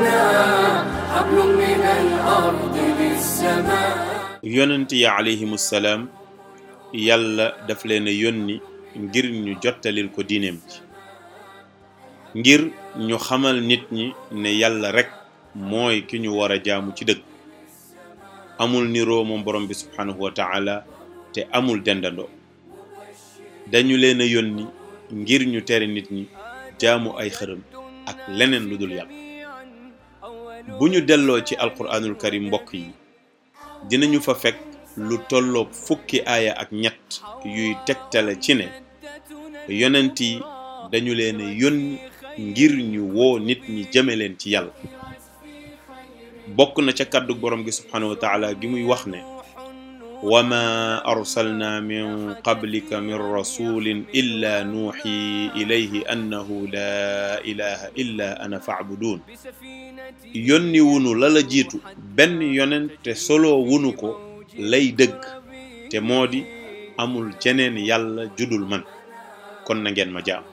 لنا حبل yonent ya alayhimu yàlla daf leen a yónni ngir ñu jottalil ko diineem ci ngir ñu xamal nit ñi ne yàlla rekk mooy ki ñu war a jaamu ci dëkk amul niroo moom borom bi subhaanahu wa te amul dendandoo dañu leen yónni ngir ñu tere nit ñi jaamu ay xërëm ak leneen lu dul yàlla bu ñu delloo ci alquranul karim mbokk yi dinañu fa fekk lu tolloog fukki aaya ak ñett yuy tegtale ci ne yonent yi dañu leen yónni ngir ñu woo nit ñi jëme leen ci yàlla bokk na ca kàddu borom gi subhanahu wa gi muy wax ne wama arsalna min qablika min rasulin illa nuuxi ilayhi annahu laa ilaha illa wunu la jiitu benn yonent solo wunu ko lay dëgg te moo di amul jeneen yàlla judul man kon na ngeen ma jaam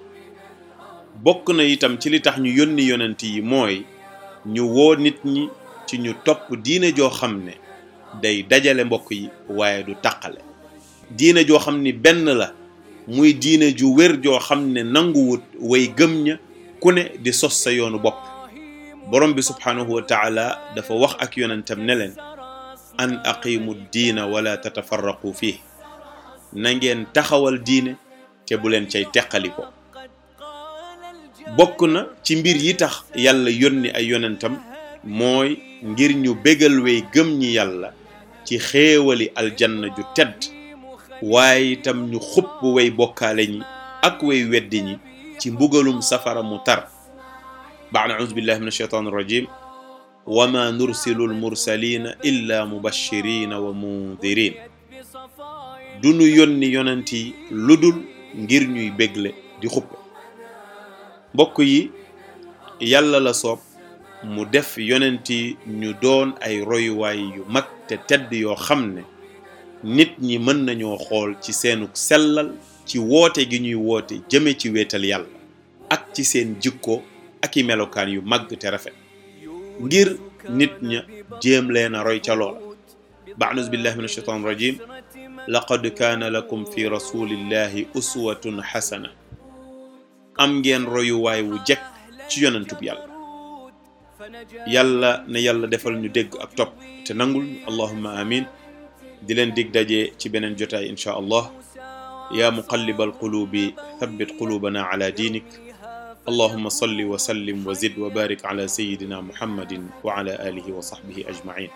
bokk na itam ci li tax ñu yónni yonent yi mooy ñu woo nit ñi ci ñu topp diine joo xam ne day dajale mbokk yi waaye du tàqale diine joo xam ni benn la muy diine ju wér joo xam ne nanguwut way gëm ña ku ne di sos sa yoonu bopp borom bi subhaanahu taala dafa wax ak yonentam ne leen an aqimu diina wala tatafarraqu fii na ngeen taxawal diine te bu leen cay teqali ko bokk na ci mbir yi tax yàlla yónni ay yonentam mooy ngir ñu bégal wey gëm ñi yàlla ci xéewali aljanna ju tedd waaye itam ñu xupp way bokkaale ñi ak wey weddi ñi ci mbugalum safara mu tar ba'da a'uuzu billahi min ashaytaan arrajim wa ma nursilu almursalina illa mubashirina wa mundirin duñu yónni yonent yi lu dul ngir ñuy bégle di xuppe mbokk yi yàlla la soob mu def yonent yi ñu doon ay royuwaay yu mag te tedd yoo xam ne nit ñi mën nañoo xool ci seenug sellal ci woote gi ñuy woote jëme ci wéetal yàlla ak ci seen jikko ak i melokaan yu màgg te rafet ngir nit ña jéem leen roy ca loola bi billahi min ashaitan rajim laqad kaana lakum fi rasulillahi uswatun xasana am ngeen royuwaay wu jekk ci yonentub yàlla yàlla na yàlla defal ñu dégg ak topp te nangul allahumma amin di leen dig daje ci beneen jotaay incha allah yaa muqallibal quluubi thabbit quluubana ala diinik allahumma salli wa sallim wa zid wa barik ala sayyidina muhammadin wa ala alihi wa sahbihi ajmain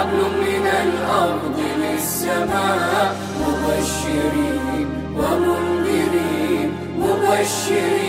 الحبل من الأرض للسماء مبشرين ومنذرين مبشرين